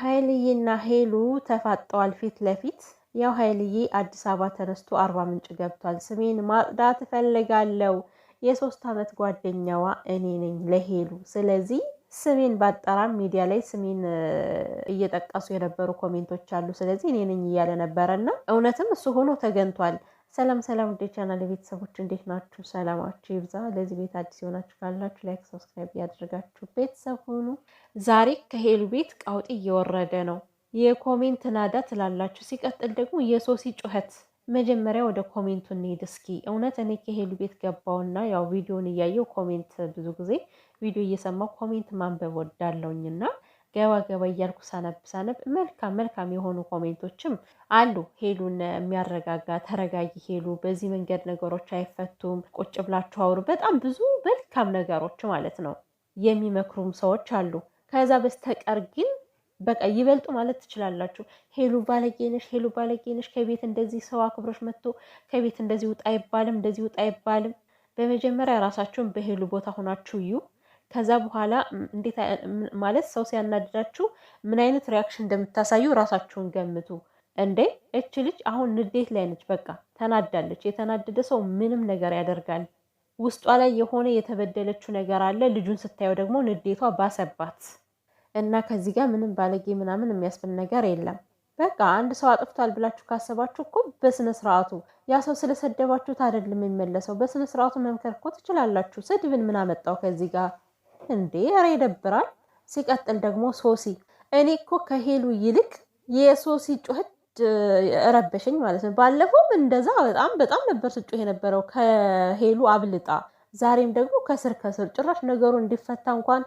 ሀይልዬና ሄሉ ተፋጠዋል ፊት ለፊት ያው ሀይልዬ አዲስ አበባ ተነስቶ አርባ ምንጭ ገብቷል። ስሜን ማጽዳት እፈልጋለሁ። የሶስት አመት ጓደኛዋ እኔ ነኝ ለሄሉ። ስለዚህ ስሜን ባጠራም ሚዲያ ላይ ስሜን እየጠቀሱ የነበሩ ኮሜንቶች አሉ። ስለዚህ እኔ ነኝ እያለ ነበረና እውነትም እሱ ሆኖ ተገኝቷል። ሰላም ሰላም ውዴ ቻናል ቤተሰቦች እንዴት ናችሁ? ሰላማችሁ ይብዛ። ለዚህ ቤት አዲስ የሆናችሁ ካላችሁ ላይክ፣ ሰብስክራይብ ያደርጋችሁ ቤተሰብ ሆኑ። ዛሬ ከሄሉ ቤት ቃውጥ እየወረደ ነው። የኮሜንት ናዳ ትላላችሁ። ሲቀጥል ደግሞ የሶሲ ጩኸት። መጀመሪያ ወደ ኮሜንቱ እንሄድ እስኪ። እውነት እኔ ከሄሉ ቤት ገባውና ያው ቪዲዮን እያየው ኮሜንት ብዙ ጊዜ ቪዲዮ እየሰማው ኮሜንት ማንበብ ወዳለውኝና ገባ ገባ እያልኩ ሳነብ ሳነብ መልካም መልካም የሆኑ ኮሜንቶችም አሉ። ሄሉን የሚያረጋጋ ተረጋጊ ሄሉ፣ በዚህ መንገድ ነገሮች አይፈቱም፣ ቁጭ ብላችሁ አውሩ። በጣም ብዙ መልካም ነገሮች ማለት ነው የሚመክሩም ሰዎች አሉ። ከዛ በስተቀር ግን በቃ ይበልጡ ማለት ትችላላችሁ። ሄሉ ባለጌነሽ፣ ሄሉ ባለጌነሽ፣ ከቤት እንደዚህ ሰው አክብሮች መጥቶ ከቤት እንደዚህ ውጣ አይባልም፣ እንደዚህ ውጣ አይባልም። በመጀመሪያ ራሳችሁን በሄሉ ቦታ ሆናችሁ እዩ። ከዛ በኋላ እንዴት ማለት ሰው ሲያናድዳችሁ ምን አይነት ሪያክሽን እንደምታሳዩ ራሳችሁን ገምቱ። እንዴ እች ልጅ አሁን ንዴት ላይ ነች፣ በቃ ተናዳለች። የተናደደ ሰው ምንም ነገር ያደርጋል። ውስጧ ላይ የሆነ የተበደለችው ነገር አለ። ልጁን ስታየው ደግሞ ንዴቷ ባሰባት እና ከዚህ ጋር ምንም ባለጌ ምናምን የሚያስብል ነገር የለም። በቃ አንድ ሰው አጥፍቷል ብላችሁ ካሰባችሁ እኮ በስነ ስርዓቱ ያ ሰው ስለሰደባችሁት አይደለም የሚመለሰው። በስነ ስርዓቱ መምከር እኮ ትችላላችሁ። ስድብን ምን አመጣው ከዚህ ጋር? እንዴ ኧረ ይደብራል። ሲቀጥል ደግሞ ሶሲ እኔ እኮ ከሄሉ ይልቅ የሶሲ ጩኸት ረበሸኝ ማለት ነው። ባለፈውም እንደዛ በጣም በጣም ነበር ስጩህ የነበረው ከሄሉ አብልጣ፣ ዛሬም ደግሞ ከስር ከስር ጭራሽ ነገሩ እንዲፈታ እንኳን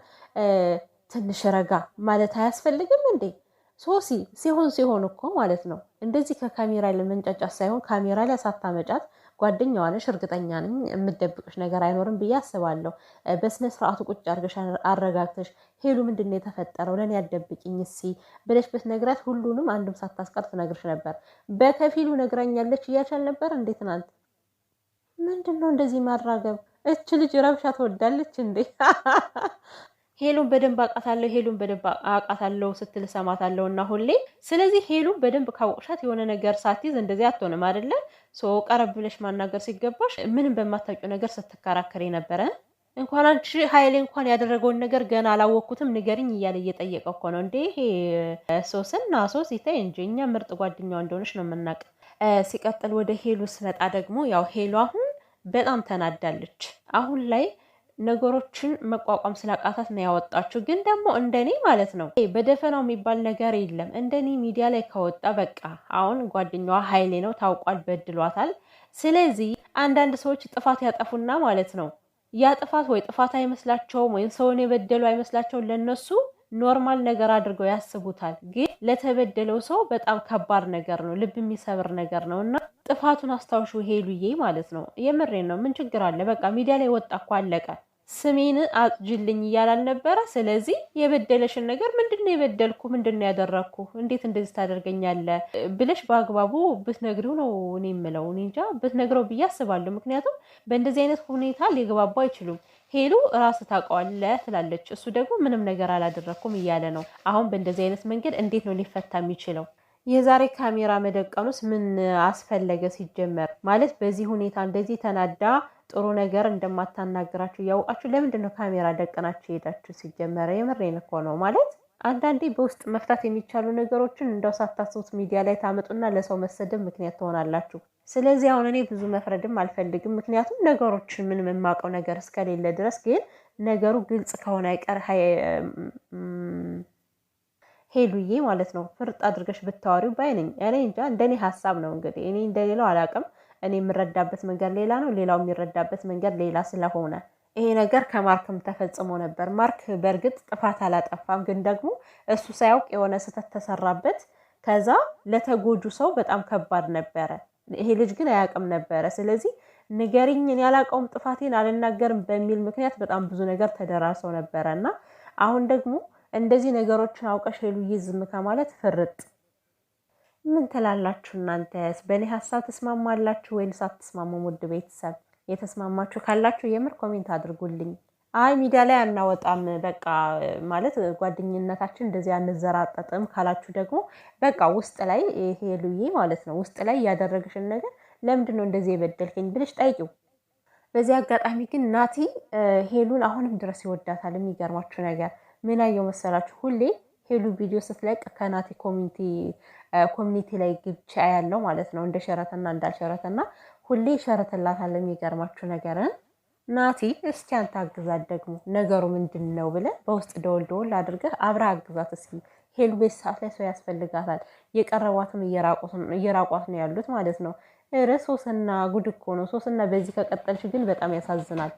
ትንሽ ረጋ ማለት አያስፈልግም እንዴ? ሶሲ ሲሆን ሲሆን እኮ ማለት ነው እንደዚህ ከካሜራ ለመንጫጫት ሳይሆን ካሜራ ላይ ሳታመጫት ጓደኛዋ ነሽ፣ እርግጠኛ ነኝ የምደብቅሽ ነገር አይኖርም ብዬ አስባለሁ። በስነ ስርዓቱ ቁጭ አድርገሽ አረጋግተሽ ሄሉ ምንድን ነው የተፈጠረው ለእኔ ያደብቅኝ እሲ ብለሽ ብትነግራት ሁሉንም አንድም ሳታስቀር ትነግርሽ ነበር። በከፊሉ ነግረኛለች እያልሻል ነበር እንዴ ትናንት? ምንድን ነው እንደዚህ ማራገብ? እች ልጅ ረብሻ ትወዳለች እንዴ? ሄሉን በደንብ አውቃታለሁ፣ ሄሉን በደንብ አውቃታለሁ ስትል ሰማታለሁ እና ሁሌ። ስለዚህ ሄሉን በደንብ ካወቅሻት የሆነ ነገር ሳትይዝ እንደዚህ አትሆንም አይደለ? ቀረብ ብለሽ ማናገር ሲገባሽ ምንም በማታውቂው ነገር ስትከራከር ነበረ። እንኳን አንቺ ሀይሌ እንኳን ያደረገውን ነገር ገና አላወቅኩትም ንገርኝ እያለ እየጠየቀ እኮ ነው እንዴ። ይሄ ሶስና ሶስ ይታይ እንጂ እኛ ምርጥ ጓደኛዋ እንደሆነች ነው የምናውቅ። ሲቀጥል ወደ ሄሉ ስመጣ ደግሞ ያው ሄሉ አሁን በጣም ተናዳለች አሁን ላይ ነገሮችን መቋቋም ስላቃታት ነው ያወጣችው። ግን ደግሞ እንደኔ ማለት ነው በደፈናው የሚባል ነገር የለም። እንደኔ ሚዲያ ላይ ከወጣ በቃ አሁን ጓደኛዋ ሀይሌ ነው ታውቋል፣ በድሏታል። ስለዚህ አንዳንድ ሰዎች ጥፋት ያጠፉና ማለት ነው ያ ጥፋት ወይ ጥፋት አይመስላቸውም፣ ወይም ሰውን የበደሉ አይመስላቸውም። ለነሱ ኖርማል ነገር አድርገው ያስቡታል። ግን ለተበደለው ሰው በጣም ከባድ ነገር ነው፣ ልብ የሚሰብር ነገር ነው እና ጥፋቱን አስታውሹ ሄሉዬ ማለት ነው። የምሬን ነው። ምን ችግር አለ? በቃ ሚዲያ ላይ ወጣ እኮ አለቀ። ስሜን አጅልኝ እያላል ነበረ። ስለዚህ የበደለሽን ነገር ምንድን ነው የበደልኩ፣ ምንድን ነው ያደረግኩ፣ እንዴት እንደዚህ ታደርገኛለ ብለሽ በአግባቡ ብትነግሪው ነው እኔ የምለው። እኔ እንጃ ብትነግረው ብዬ አስባለሁ። ምክንያቱም በእንደዚህ አይነት ሁኔታ ሊግባቡ አይችሉም። ሄሉ ራስ ታውቀዋለህ ትላለች፣ እሱ ደግሞ ምንም ነገር አላደረግኩም እያለ ነው። አሁን በእንደዚህ አይነት መንገድ እንዴት ነው ሊፈታ የሚችለው? የዛሬ ካሜራ መደቀኑስ ምን አስፈለገ ሲጀመር? ማለት በዚህ ሁኔታ እንደዚህ ተናዳ ጥሩ ነገር እንደማታናግራችሁ እያወቃችሁ ለምንድን ነው ካሜራ ደቅናችሁ ሄዳችሁ? ሲጀመረ የምሬን እኮ ነው ማለት አንዳንዴ በውስጥ መፍታት የሚቻሉ ነገሮችን እንደው ሳታስቡት ሚዲያ ላይ ታመጡና ለሰው መሰደብ ምክንያት ትሆናላችሁ። ስለዚህ አሁን እኔ ብዙ መፍረድም አልፈልግም፣ ምክንያቱም ነገሮችን ምን የማውቀው ነገር እስከሌለ ድረስ። ግን ነገሩ ግልጽ ከሆነ አይቀር ሄሉዬ ማለት ነው ፍርጥ አድርገሽ ብታወሪው ባይነኝ። እኔ እንጃ እንደኔ ሀሳብ ነው እንግዲህ እኔ እንደሌለው አላውቅም። እኔ የምረዳበት መንገድ ሌላ ነው፣ ሌላው የሚረዳበት መንገድ ሌላ ስለሆነ ይሄ ነገር ከማርክም ተፈጽሞ ነበር። ማርክ በእርግጥ ጥፋት አላጠፋም፣ ግን ደግሞ እሱ ሳያውቅ የሆነ ስህተት ተሰራበት። ከዛ ለተጎጁ ሰው በጣም ከባድ ነበረ። ይሄ ልጅ ግን አያውቅም ነበረ። ስለዚህ ንገሪኝን ያላውቀውም ጥፋቴን አልናገርም በሚል ምክንያት በጣም ብዙ ነገር ተደራሰው ነበረ እና አሁን ደግሞ እንደዚህ ነገሮችን አውቀሽ ሄሉ ይዝም ከማለት ፍርጥ ምን ትላላችሁ እናንተስ? በእኔ ሀሳብ ተስማማላችሁ ወይንስ አትስማሙም? ውድ ቤተሰብ የተስማማችሁ ካላችሁ የምር ኮሜንት አድርጉልኝ። አይ ሚዲያ ላይ አናወጣም በቃ ማለት ጓደኝነታችን እንደዚህ አንዘራጠጥም ካላችሁ ደግሞ በቃ ውስጥ ላይ ይሄ ሉዬ ማለት ነው ውስጥ ላይ እያደረግሽን ነገር ለምንድን ነው እንደዚህ የበደልከኝ ብለሽ ጠይቂው። በዚህ አጋጣሚ ግን ናቲ ሄሉን አሁንም ድረስ ይወዳታል። የሚገርማችሁ ነገር ምን አየው መሰላችሁ? ሁሌ ሄሉ ቪዲዮ ስትለቅ ከናቲ ኮሚኒቲ ኮሚኒቲ ላይ ግብቻ ያለው ማለት ነው። እንደ ሸረተና እንዳልሸረተና ሁሌ ይሸረትላታል። የሚገርማችሁ ነገርን ናቲ እስኪ አንተ አግዛት ደግሞ ነገሩ ምንድን ነው ብለህ በውስጥ ደወል ደወል አድርገህ አብረህ አግዛት እስኪ ሄሉ ቤት ሰዓት ላይ ሰው ያስፈልጋታል። የቀረቧትም እየራቋት ነው ያሉት ማለት ነው። ኧረ ሶስና ጉድ እኮ ነው ሶስና። በዚህ ከቀጠልሽ ግን በጣም ያሳዝናል።